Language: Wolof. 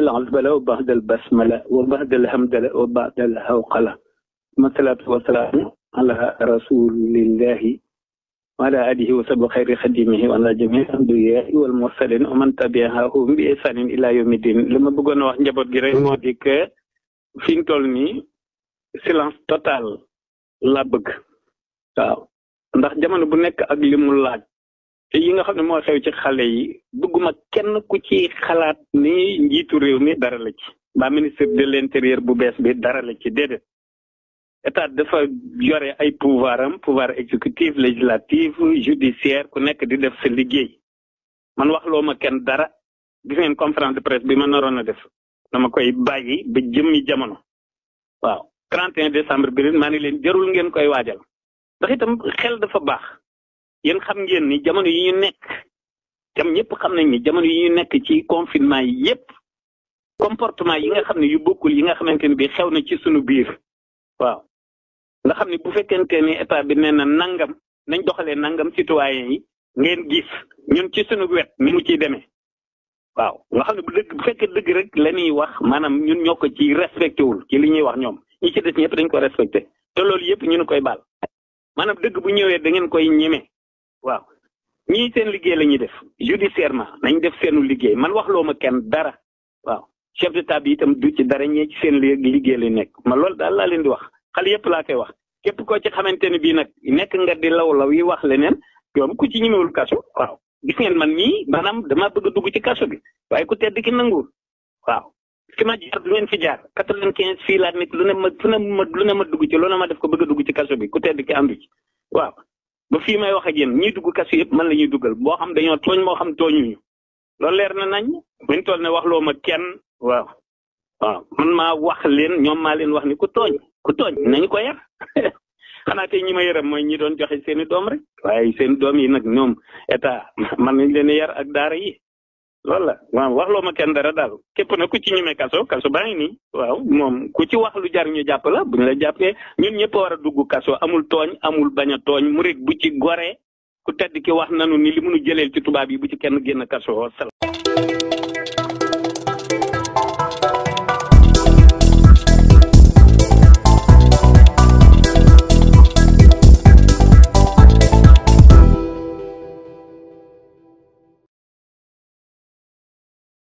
العزبلة وبعد البسملة وبعد الهمدلة وبعد الهوقلة والصلاة والسلام على رسول الله وعلى آله وصحبه خير خديمه وعلى جميع الأنبياء والمرسلين ومن تبعهم بإحسان إلى يوم الدين li ma bëggoon wax njaboot gi rek moo di que fi ñu toll nii silence total laa bëgg waaw ndax jamono bu nekk ak li mu laaj yi nga xam ne moo xew ci xale yi bëgguma kenn ku ci xalaat ni njiitu réew mi dara la ci ba ministre de l'intérieur bu bees bi dara la ci déedéet état dafa yore ay pouvoir am pouvoir exécutif législatif judiciaire ku nekk di def sa liggéey man wax loo ma kenn dara gis ngeen conférence de presse bi ma naroon a def dama koy bàyyi ba jëmmi jamono waaw 31 décembre bi maa ngi leen jarul ngeen koy waajal ndax xel dafa baax yéen xam ngeen ni jamono yi ñu nekk tam ñëpp xam nañ ni jamono yi nekk ci confinement yi yëpp comportement yi nga xam ne yu bokkul yi nga xamante ni bi xew na ci sunu biir waaw nga xam ne bu fekkente ni état bi nee na nangam nañ doxalee nangam citoyen yi ngeen gis ñun ci sunu wet ni mu ciy demee waaw nga xam ne bu dëgg bu fekkee dëgg rek la ñuy wax maanaam ñun ñoo ko ci respecté wul ci li ñuy wax ñoom ñi ci des ñëpp dañ ko respecté te loolu yëpp ñu koy baal maanaam dëgg bu ñëwee da ngeen koy ñeme waaw ñii seen liggéey la ñuy def judiciairement nañ def seenu liggéey man wax loo ma kenn dara waaw chef d'état bi itam du ci dara ñee ci seen liggéey la nekk ma lool daal laa leen di wax xale yëpp laa koy wax képp koo ci xamante ne bii nag nekk nga di law law yi wax leneen yoom ku ci ñemewul kaso waaw gis ngeen man mii maanaam damaa bëgg a dugg ci kaso bi waaye ku tedd ki nanguwul waaw ki ma jaar du ngeen fi jaar quatre-vingt-quinze fii laa nekk lu ne ma fu ne ma lu ne ma a dugg ci kaso bi ba fii may wax ak yéen ñiy dugg kaso yëpp man la ñuy duggal boo xam dañoo tooñ moo xam tooñuñu loolu leer na nañ buñ toll ne waxloo ma kenn waaw waaw man maa wax leen ñoom maa leen wax ni ku tooñ ku tooñ nañ ko yar xanaa tey ñi ma yërëm mooy ñi doon joxe seen i doom rek waaye seen doom yi nag ñoom état man nañ leen yar ak daara yi loolu la waaw waxloo ma kenn dara daal képp na ku ci ñemee kaso kaso baa ngi nii waaw moom ku ci wax lu jar ñu jàpp la bu ñu la jàppee ñun ñëpp war a dugg kaso amul tooñ amul baña a tooñ murit bu ci goree ku tedd ki wax nanu ni li mënu jëleel ci tubaab yi bu ci kenn génn kaso salaam